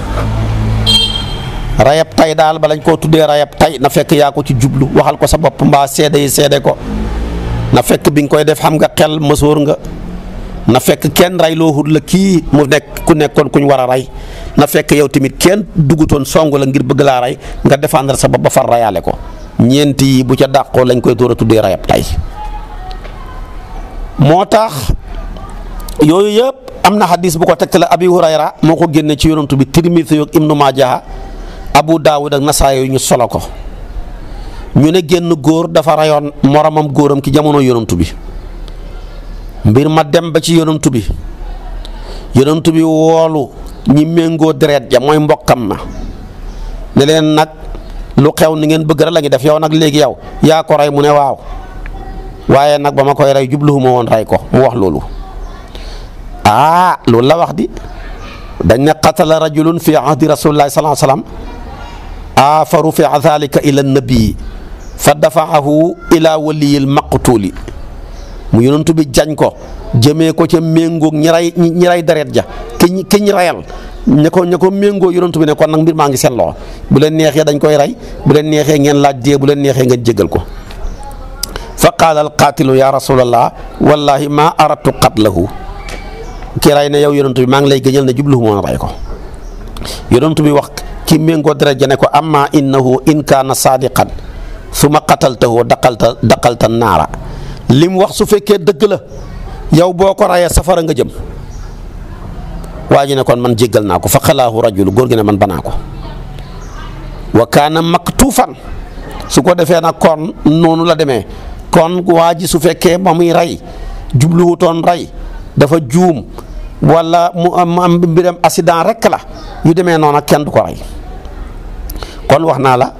rayab tay daal ba lañ koo tuddee rayab tay na fekk yaa ko ci jublu waxal ko sa bopp mbaa seede yi seede ko na fekk bi nga koy def xam nga xel mësoor nga na fekk kenn rey loo xut la kii mu nekk ku nekkoon kuñ war a rey na fekk yow tamit kenn dugutoon song la ngir bëgg laa rey nga défendre sa bopp ba far reyaale ko ñeent yi bu ca dàqoo lañ koy door a tuddee rayab tey moo tax yooyu yëpp am na xadis bu ko tegtale abi hurayra moo ko génne ci yonantu bi tirmisi yoog nu maaja abu daawud ak nasaa yooyu ñu solo ko ñu ne génn góor dafa rayoon moromam góoram ki jamono yonantu bi mbir ma dem ba ci yonantu bi yonantu woolu ñi méngoo deret ja mooy mbokkam ma leen nag lu xew ni ngeen bëgg rek la ñu def yow nag léegi yow yaa ko rey mu ne waaw waaye nag ba ma koy rey jubluwuma woon rey ko mu wax loolu ah loolu la wax di dañ ne qatala rajulun fi ahdi rasulillahi salaa salaam ah fa rufi'a dhalika ila nabii fa dafa'ahu ila waliyil maqtuli mu yonentou bi jagn ko jeme ko ci mengo ñiray ñiray deret ja ke ki ñi rayal ko ne ko mengo yonentou bi ne kon nak mbir maa ngi seen bu len neexee dañ koy ray bu len neexee ngeen laaj de bu len neexee nga jégal ko fa al qatil ya Rasulullah, wallahi ma aradtu qatlahu ki ray ne yow yonentou bi maa ngi lay gëñal ne jublu mo ray ko yonentou bi wax ki mengo deret ja ne ko amma innahu in kana sadiqan suma qataltahu daqalta daqalta nara li mu wax su fekkee dëgg la yow boo ko rayee safara nga jëm waa ji ne kon man jéggal naa ko fa xalaahu rajul góor gi ne man ba banaa ko wa kaana maktuufan su ko defee nag kon noonu la demee kon waa ji su fekkee ba muy rey jubluwutoon ray dafa juum walla mu am am mbiram accident rek la yu demee noonu kenn du ko rey kon wax naa la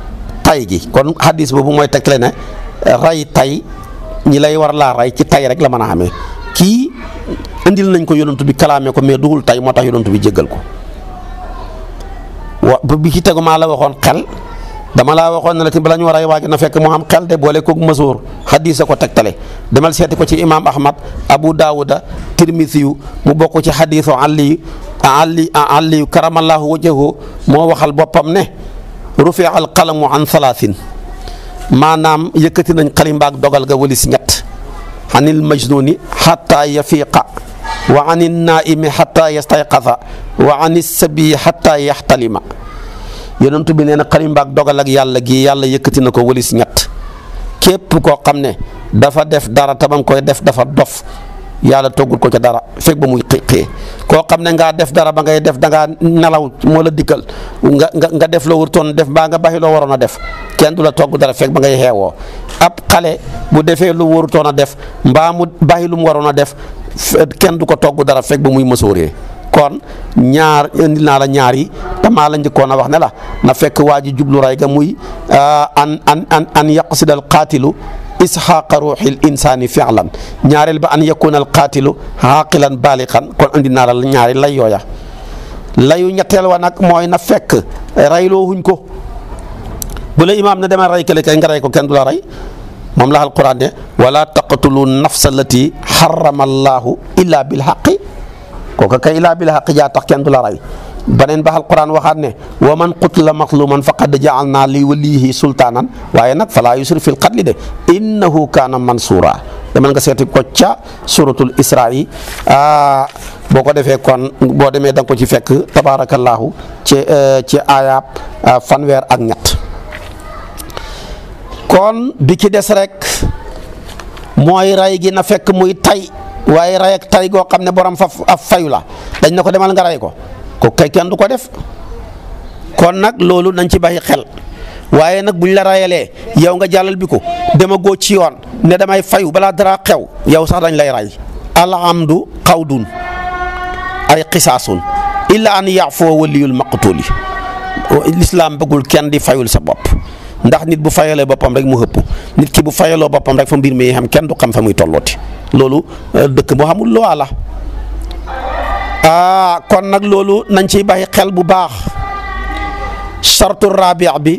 tay gi kon hadis boobu mooy tegle ne ray tay ñi lay war laa rey ci tay rek la mën a amee kii indil nañ ko yonent bi kalaame ko mais duhul tay moo tax yonent bi jegal ko wa bi ci tegu maa la waxoon xel dama laa waxoon ne la ci bala ñu war a waaj na fekk mu am xel de boole koog masoor xadiis a ko tegtale demal seeti ko ci imaam Ahmad Abu Daawuda Tirmisiyu mu bokk ci xadiisu Ali Ali Ali karamallaahu wajhahu moo waxal boppam ne rufi'a al qalamu an salaasin maanaam yëkkati nañ xalimbaak dogal ga walis ñett anil majnuni xataa yafiqa wa anil naaimi xataa yastayqasa wa anil sabii xataa yaxtalima yonent bi nee na xalimbaak dogal ak yàlla gi yàlla yëkkati na ko walis ñett képp koo xam ne dafa def dara tamam ko def dafa dof yàlla toggul ko ca dara fekk ba muy xiqee koo xam ne ngaa def dara ba ngay def da ngaa nelaw moo la dikkal nga nga nga def loo wurtoon def mbaa nga baxi loo waroon a def kenn du la togg dara fekk ba ngay xeewoo ab xale bu defee lu warutoon a def mbaa mu baxi lu mu waroon a def kenn du ko togg dara fekk ba muy mësooree kon ñaar indil naa la ñaari yi tamaa la njëkkoon a wax ne la na fekk waa ji jublu ga muy ah, an an an an isxaaqa ruuxil insaani fi'lan ñaareel ba an yakuna al qaatilu xaaqilan baaliqan kon andi naa la ñaari lay yooya layu ñetteel wa nag mooy na fekk reyloo huñ ko bu la imaam ne demal rey kële kay nga rey ko kenn du la rey moom la alquran ne wala taqtulu nafsa allati harrama allahu illa bilxaqi kooka kay illa bilxaqi jaa tax kenn du la rey beneen ba alquran waxat ne wa man qutila maqluman faqad jaalna li walihi sultanan waye nak fala yusrif fil qatl de innahu kana mansura dama nga seti ko ca suratul isra'i boo boko defee kon bo demee dang ko ci fekk tabarakallahu ci e, ci ayab fanwer ak ñett kon bi ci dess rek moy ray gi na fekk muy tay waye ray ak tay go xamne borom fa fayula dañ nako demal nga ray ko ko kay kenn du ko def kon nag loolu nañ ci bàyyi xel waaye nag buñ la rayalee yow nga jàllal bi ko dama góo ci yoon ne damay fayu balaa dara xew yow sax dañ lay ray alhamdu xawdun ay xisaasun illa an yaafoo waliyul maqtuli lislaam bëggul kenn di fayul sa bopp ndax nit bu fayalee boppam rek mu xëpp nit ki bu fayaloo boppam rek fa mbir mi xam kenn du xam fa muy tollooti loolu euh, dëkk boo xamul loo la ah kon nak nanci nañ ci bàyyi xel bu baax sartu rabi' bi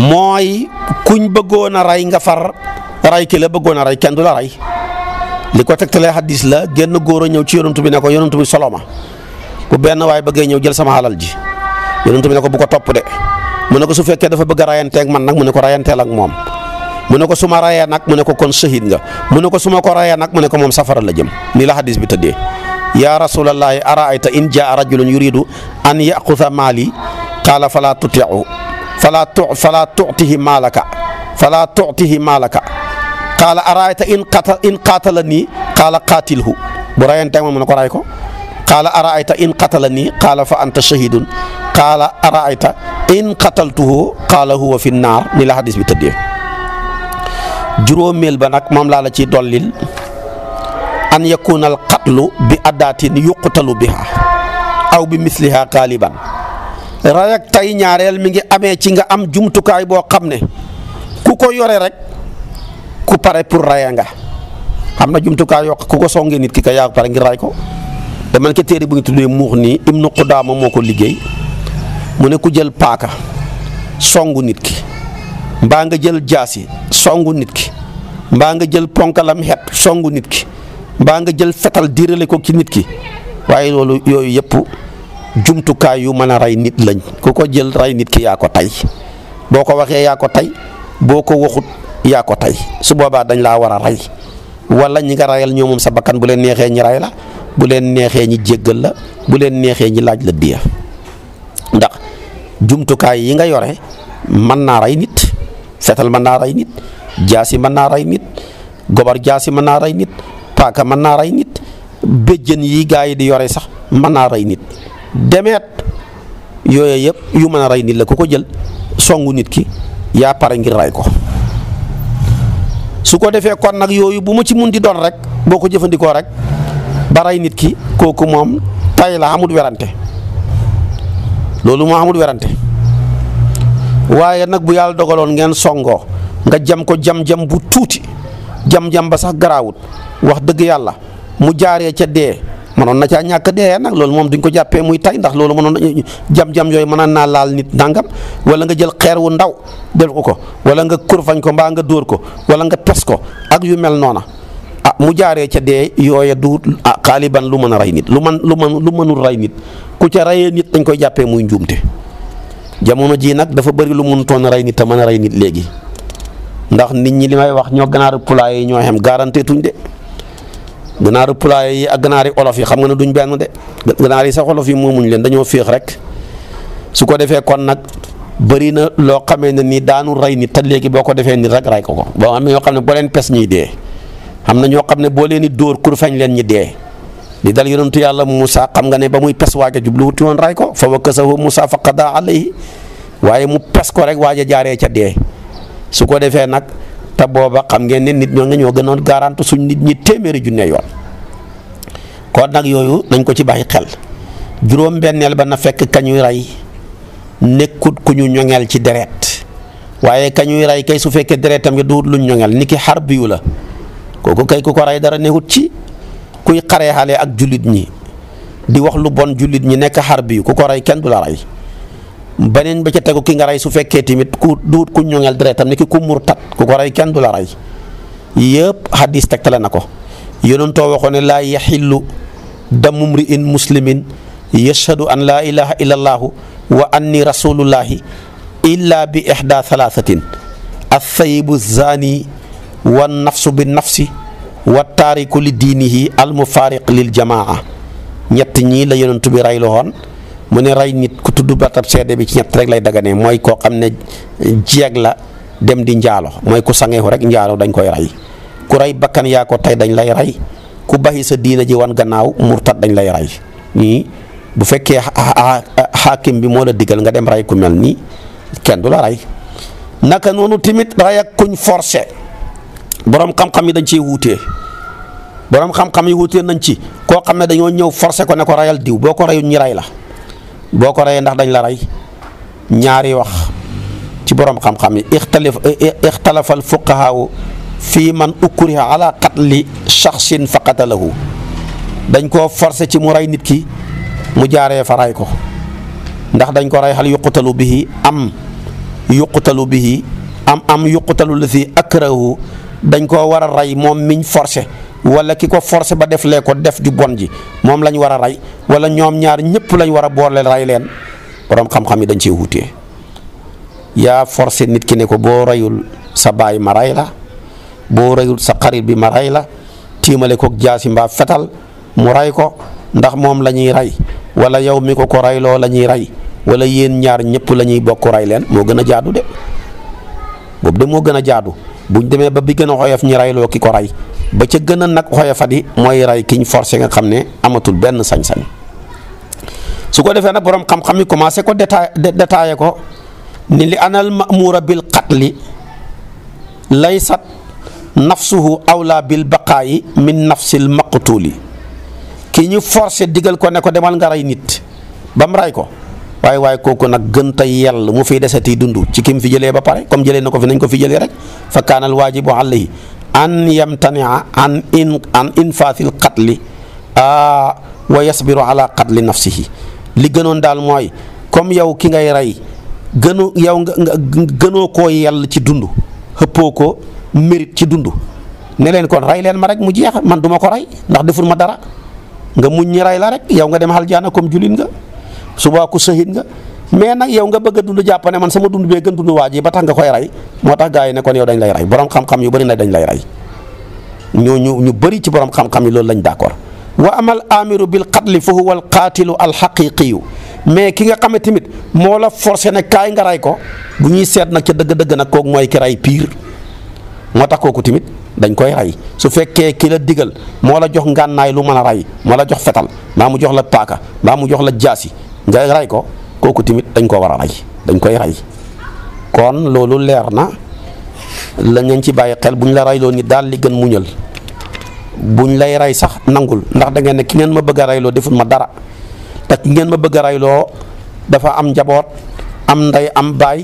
moy kuñ bëggoon ray nga far ray ki la bëggoon ray rey kenn du la rey li ko tubi la genn goro ñew ci yonantu bi ne ko bi benn jël sama halalji, ji yonantu bi ne ko bu ko top de mu ne ko su fekke dafa bëgg rayante ak man nak mu ne ko nak ak mom mu ne ko su ma mu ne kon shahid nga mu ne ko ko raye nak mu ne ko safara la jëm ni la hadith bi يا رسول الله أرأيت إن جاء رجل يريد أن يأخذ مالي قال فلا تطيعه فلا فلا تعطه مالك فلا تعطه مالك قال أرأيت إن قتل إن قاتلني قال قاتله براين تمام من قرايكو قال أرأيت إن قتلني قال فأنت شهيد قال أرأيت إن قتلته قال هو في النار من الحديث بتديه جرو ميل بنك مام لا لا an yakuna al qatlu bi adaatin yuqtalu biha aw bi misliha galiban ray ak ñaareel mi ngi amee ci nga am jumtukaay boo xam ne ku ko yore rek ku pare pour raya nga xam na jumtukaay yokk ku ko songee nit ki ka yaa pare ngir ray ko dama ko téere bu ngi tuddee muux nii Ibnu Qudaama moo ko liggéey mu ne ku jël paaka songu nit ki mbaa nga jël jaasi songu nit ki mbaa nga jël ponkalam xeet songu nit ki mbaa nga jël fetal diirale ko ci nit ki waaye loolu yooyu yëpp jumtukaay yu mën a rey nit lañ ku ko jël rey nit ki yaa ko tey boo ko waxee yaa ko tey boo ko waxut yaa ko tey su boobaa dañ laa war a rey wala ñi nga rayal ñoo moom sa bakkan bu leen neexee ñi rey la bu leen neexee ñi jéggal la bu leen neexee ñi laaj la diya ndax jumtukaay yi nga yore mën naa rey nit fetal man naa rey nit jaasi mën naa rey nit gobar jaasi mën naa rey nit paaka man na ray nit bejeen yi gaay di yore sax man na ray nit demet yooyu yëpp yu man a nit la kuko jël songu nit ki ya pare ngir ray ko su ko defee kon nag yooyu bu mu ci mundi don rek boko ko rek ba ray nit ki koku mom tay la amul werante loolu mo amul werante waye nak bu yalla dogalon ngeen songo nga jam ko jam-jam bu tuti jam-jam ba sax grawut wax dëgg yàlla mu jaaree ca dee noon na caa ñàkk dee nag loolu moom duñ ko jàppee muy tay ndax loolu mënoon jam-jam yooyu mënaan naa laal nit nangam wala nga jël xeer wu ndaw def ko ko wala nga kurfañ ko mbaa nga dóor ko wala nga tes ko ak yu mel noona ah mu jaaree ca dee yooya du ah xaaliban lu mën a rey nit lu man lu mën lu mënul rey nit ku ca reyee nit dañ koy jàppee muy njuumte jamono jii nag dafa bari lu mënutoon a rey nit te mën na rey nit léegi ndax nit ñi li may wax ñoo ganaar yi ñoo garanteetuñ de ganaaru pulaay yi ak ganaari olof yi xam nga ne duñ benn de ganaar yi sax olof yi moomuñ leen dañoo féex rek su ko defee kon nag bëri na loo xamee ne nii daanu rey ni te léegi boo ko defee nit rek rey ko ko boo am na xam ne boo leen pes ñuy dee am na ñoo xam ne boo leen di dóor kur feñ leen ñi dee li dal yonentu yàlla Moussa xam nga ne ba muy pes waaja jubluwut woon rey ko fa wakasahu Moussa fa qadaa alayhi waaye mu pes ko rek waaja jaaree ca dee su ko defee nag. te booba xam ngeen ne nit ñoo nga ñoo gënoon garantu suñ nit ñi téeméeri junne yoon kon nag yooyu nañ ko ci bàyyi xel juróom-benneel ba na fekk kañuy rey nekkut ku ñu ñoŋeel ci deret waaye kañuy rey kay su fekkee deretam nga duut luñ ñoŋeel niki xar biyu la kooku kay ku ko rey dara nekkut ci kuy xaree xale ak jullit ñi di wax lu bon jullit ñi nekk xar biyu ku ko rey kenn du la rey. benen ba ci teggu ki nga ray su fekke timit ku du ku ñoŋal deretam ni ki ku murtat ku ko ray kenn du la ray yeb hadith tek tale nako yonon to waxone la yahillu damu mri'in muslimin yashhadu an la ilaha illa allah wa anni rasulullahi illa bi ihda thalathatin الثيب الزاني والنفس nafsu والتارك nafsi المفارق للجماعه نيت ني al mufaariq lil jamaa ñett mu ne rey nit ku tudd batab seede bi ci ñett rek lay dagane mooy koo xam ne jeeg la dem di njaalo mooy ku sangeexu rek njaalo dañ koy ray ku ray bakkan yaa ko tey dañ lay rey ku baxi sa diina ji wan gannaaw murtat dañ lay rey nii bu fekkee xaakim bi moo la digal nga dem rey ku mel nii kenn du la rey naka noonu tamit rey ak kuñ forcé boroom xam-xam yi dañ ciy wuutee boroom xam-xam yi wuutee nañ ci koo xam ne dañoo ñëw forcé ko ne ko rayal diw boo ko reyul ñi ray la. boo ko reyee ndax dañ la rey ñaari wax ci borom xam-xam yi ixtalif ixtalafal fuqahaawu fii man ukriha ala qatli shaxsin fa qatalahu dañ koo forcé ci mu rey nit ki mu jaaree fa rey ko ndax dañ ko rey xal bi bihi am yuqutalu bihi am am yuqutalu la fi akrahu dañ koo waral a rey moom miñ forcé wala ki ko forcé ba def lee ko def ju bon ji moom lañ war a rey wala ñoom ñaar ñëpp lañ war a boole rey leen boroom xam-xam yi dañ cee wuute yaa forcé nit ki ne ko boo reyul sa baay ma rey la boo reyul sa xarit bi ma rey la tiimale ko jaasi mbaa fetal mu rey ko ndax moom la ñuy rey wala yow mi ko ko reyloo la ñuy rey wala yéen ñaar ñëpp la ñuy bokk rey leen moo gën a jaadu de boobu de moo gën a jaadu buñ demee ba bi gën a xoyof ñi reyloo ki ko rey ba ca gën a nag xoyofat yi mooy rey ki ñu forcé nga xam ne amatul benn sañ-sañ su ko defee nag boroom xam-xam yi commencé ko déta ko ni li anal ma mamuura bil qatli laysat nafsuhu awla bil baqaayi min nafsil yi ki ñu forcé digal ko ne ko demal nga rey nit ba mu rey ko waaye waaye kooku nag gën gënta yell mu fi desati dundu ci kim fi jëlee ba pare comme jële na ko fi nañ ko fi jëlee rek fa kaanal waajibu alayhi an yamtania an in an infaasil qatli a wa yasbiru ala qatli nafsihi li gënoon daal mooy comme yow ki ngay rey gënu yow nga gënoo koo yàll ci dund xëppoo ko mérite ci dundu ne leen kon rey leen ma rek mu jeex man duma ko rey ndax deful ma dara nga muñ ñi rey la rek yow nga dem aljana comme jullit nga subaa ku sahid nga mais nag yow nga bëgg a dund jàpp ne man sama dund bee gën dund waa ji ba tax nga koy rey moo tax gars yi ne kon yow dañ lay rey borom xam-xam yu bëri na dañ lay rey ñoo ñu ñu bëri ci borom xam-xam yi loolu lañ d'accord wa amal amiru bil qatli fa huwa al qaatilu al xaqiqiyu mais ki nga xam ne tamit moo la forcé ne kaay nga rey ko bu ñuy seet nag ca dëgg-dëgg nag kook mooy ki rey pire moo tax kooku tamit dañ koy rey su fekkee ki la diggal moo la jox ngànnaay lu mën a rey moo la jox fetal mbaa mu jox la paaka mbaa mu jox la jaasi nga rey ko. koku timit dañ ko wara ray dañ koy ray kon lolu leer na la ñañ ci baye xel buñ la lo ni dal li gën muñal buñ lay ray sax nangul ndax da ngeen ki ngeen ma bëgg ray lo deful ma dara ta ki ngeen ma bëgg ray lo dafa am jabot, am nday am bay,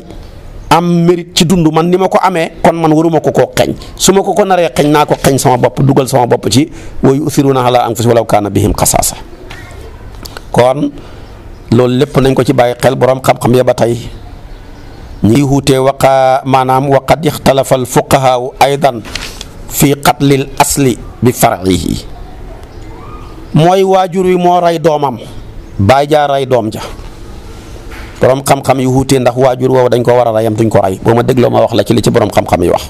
am mérite ci dundu man nima ko amé kon man waruma ko ko xagn suma ko ko naré xagn ko sama bop dugal sama bop ci way usiruna ala anfusi walau kana bihim qasasa kon loolu lépp nañ ko ci bàyyi xel boroom xam-xam ya ba tey ñu ngi wuutee waqa maanaam waqad ixtalafa al fuqahaawu aydan fii qatlil asli bi farihi mooy waajur wi moo rey doomam baay jaa rey doom ja boroom xam-xam yu wuutee ndax waajur woowu dañ ko war a reyam duñ ko rey boo ma dégloo ma wax la ci li ci boroom xam-xam yi wax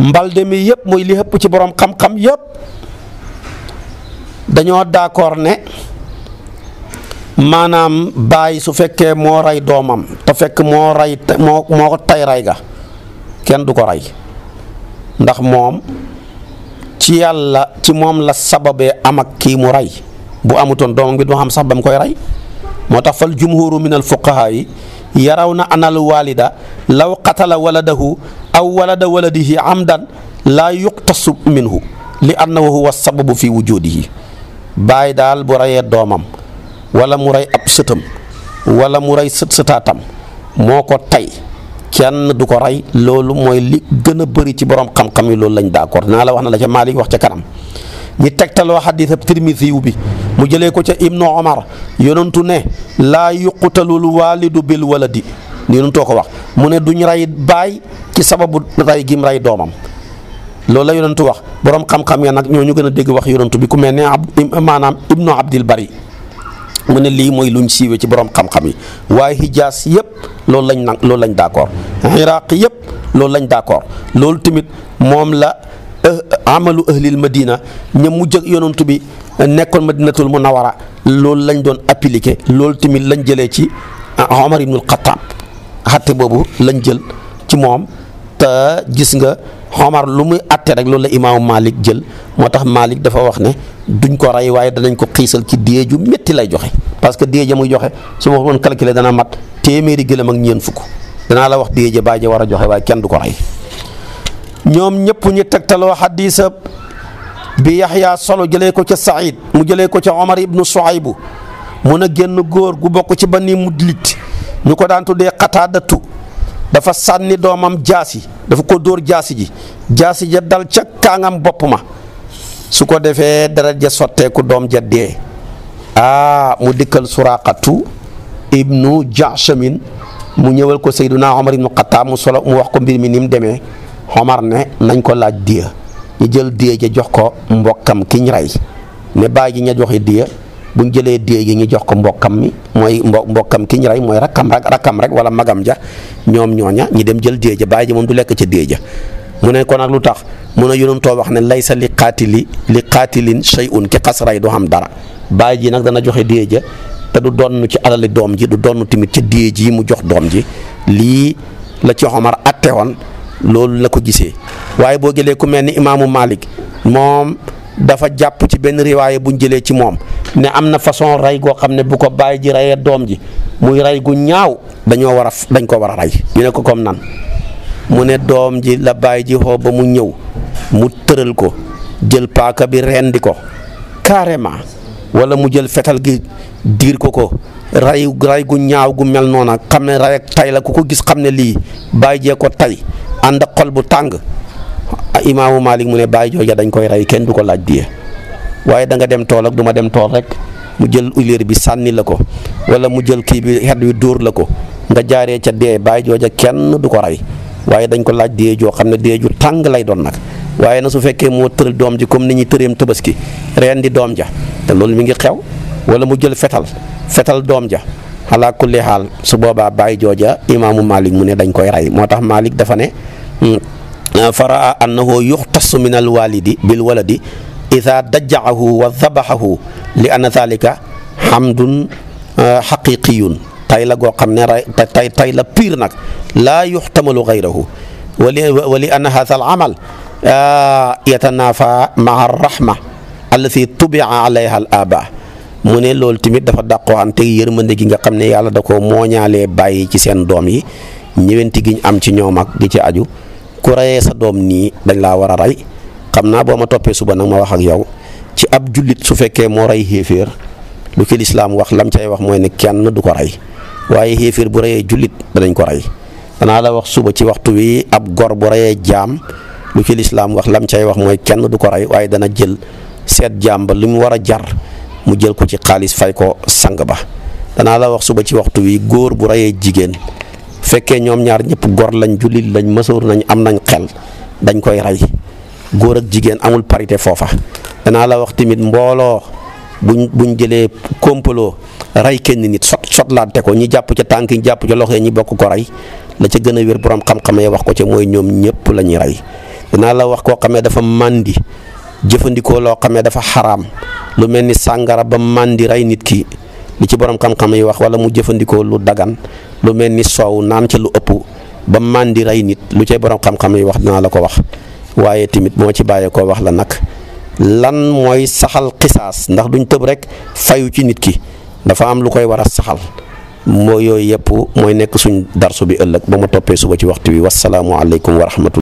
mbalde mi yëpp mooy li ëpp ci boroom xam-xam yëpp dañoo d'accord ne maanaam baay su fekkee moo rey doomam te fekk moo rey moo moo ko tay rey ga kenn du ko rey ndax moom ci yàlla ci moom la sababee am ak kii mu rey bu amutoon doomam bi du xam sax ba koy rey moo tax fal jumhuru min al fuqahaa yi yaraw na anal walida law qatala waladahu aw walada waladihi amdan laa yuqtasu minhu li annahu huwa sababu fi wujudihi bàyyi daal bu reyee doomam wala mu rey ab sëtam wala mu rey sët sëtaatam moo ko tey kenn du ko rey loolu mooy li gën a bëri ci borom xam-xam yi loolu lañ d'accord naa la wax na la ca Maalik wax ca kanam ñi tegtaloo xadiis ab Tirmisi bi mu jëlee ko ca Ibnu Omar yonentu ne laa yuqtalul waalidu bil waladi yonentoo ko wax mu ne duñ rey baay ci sababu rey gim rey doomam loolu la yonentu wax borom xam-xam ya nag ñoo ñu gën a dégg wax yonentu bi ku mel ne ab maanaam Ibnu Abdil Bari mu ne lii mooy luñ siiwee ci borom xam-xam yi waaye hijaas yëpp loolu lañ nag loolu lañ d'accord iraq yëpp loolu lañ d'accord loolu tamit moom la eh, amalu ahlil madina ña mujj ak yonantu bi nekkoon madinatul munawara loolu lañ doon appliqué loolu tamit lañ jëlee ci eh, Omar ibnul Xataab xatte boobu lañ jël ci moom te gis nga Omar lu muy àtte rek loolu la imaamu Malik jël moo tax Malik dafa wax ne duñ ko rey waaye danañ ko xiisal ci dee ju métti lay joxe parce que dee ja joxe su ma ko mën calculer dana mat téeméeri gëlëm ak ñeent fukk danaa la wax dee ja baa ja war a joxe waaye kenn du ko rey ñoom ñëpp ñu tegtaloo xadiisa bi Yaxya solo jëlee ko ca Saïd mu jëlee ko ca Omar ibnu Suaybu mun a génn góor gu bokk ci mu Mudlit ñu ko daan tuddee Qataadatu dafa sanni doomam jasi dafa ko dor jasi ji jasi ja dal ca kangam bopuma defe su ko defee jadde, ja mudikal doom ja dé ah mu suraqatu ibnu jashamin mu ñewal ko sayyiduna umar ibn khattab mu solo mu wax ko mbir mi ni mu demee omar nañ ko laaj ñu jël ja jox ko mbokam kiñ buñ jëlee dee yi ñu jox ko mbokkam mi mooy mbo mbokkam ki ñu rey mooy rakkam rek rakkam rek wala magam ja ñoom ñooña ñi dem jël dee ja bàyyi ji moom du lekk ca dee ja mu nekkoon ko lu tax mu ne yonum too wax ne laysa li qaatili li qaatilin shay'un ki xas rey du xam dara bàyyi ji nag dana joxe dee ja te du donn ci alali doom ji du donn tamit ca dee ji mu jox doom ji lii la ci Omar attewoon loolu la ko gisee waaye boo jëlee ku mel ni imaamu Malik moom. dafa jàpp ci benn riwaaye buñ jëlee ci moom ne am na façon rey goo xam ne bu ko bàyyi ji reyee doom ji muy rey gu ñaaw dañoo war a dañ koo war a rey ñu ne ko kom nan mu ne doom ji la bàyyi ji xoo ba mu ñëw mu tëral ko jël paaka bi reendi ko carrément wala mu jël fetal gi diir ko ko ray ray gu ñaaw gu mel noona xam ne ray tay la ku ko gis xam ne lii bàyyi jee ko tay ànd ak xol bu tàng Ah, imaamu Malik mu ne bàyyi jooja dañ koy rey kenn du ko laaj biye waaye danga dem tool ak du dem tool rek mu jël ulier bi sànni la ko wala mu jël kii bi xet wi dóor la ko nga jaaree ca dee bàyyi jooja kenn du ko rey waaye dañ ko laaj dee joo xam ne dee ju tàng lay doon nag waaye na su fekkee moo tëral doom ji comme ni ñuy tëreem tabaski reen di doom ja te loolu mi ngi xew wala mu jël fetal fetal doom ja ala kulli xaal su boobaa bàyyi jooja imaamu Malik mu ne dañ koy rey moo tax Malik dafa ne. Hmm, faraa annahu yuxtassu min alwalidi bil waladi ida dajjacahu wa dabaxahu li anna dalika xamdun xaqiqiyun tay la goo xam ne ray tay tay la pire nag laa yuxtamalu gayrahu wa li anna hada al amal yatanafa maa rahma allati tubia alayha al aba mu ne loolu tamit dafa dàqoo am te yërmande gi nga xam ne yàlla da ko mooñaalee bàyyi ci seen doom yi ñëwenti gi am ci ñoom ak di ci aju ku reyee sa doom nii dañ laa war a rey xam naa boo ma toppee suba nag ma wax ak yow ci ab jullit su fekkee moo rey xéeféer lu ki lislaam wax lam cay wax mooy ne kenn du ko rey waaye xéeféer bu reyee jullit danañ ko rey danaa la wax suba ci waxtu wi ab gor bu reyee jaam lu ci lislaam wax lam cay wax mooy kenn du ko rey waaye dana jël seet jaam ba li mu war a jar mu jël ko ci xaalis fay ko sang ba danaa la wax suba ci waxtu wi góor bu reyee jigéen fekkee ñoom ñaar ñëpp gor lañ jullit lañ mësoor nañ am nañ xel dañ koy rey góor ak jigéen amul parité foofa danaa la wax tamit mbooloo buñ buñ jëlee complot rey kenn nit sot sotlaante ko ñi jàpp ca tànk ñi jàpp ca loxo ñi bokk ko rey la ca gën a wér borom xam-xam wax ko ca mooy ñoom ñëpp la ñuy rey danaa la wax koo xamee dafa màndi jëfandikoo loo xamee dafa xaraam lu mel ni sàngara ba màndi rey nit ki di ci borom xam-xam yi wax wala mu jëfëndiko lu dagan lu melni soow naan ci lu ëpp ba mandi ray nit lu ci borom xam-xam yi wax dina la ko wax waye timit ci baye ko wax la nak lan moy saxal qisas ndax duñ teub rek fayu ci nit ki dafa am lu koy wara saxal moo yoy yep moy nek suñ darsu bi ëlëk ba ma toppee suba ci waxtu wassalamu alaykum wa rahmatullahi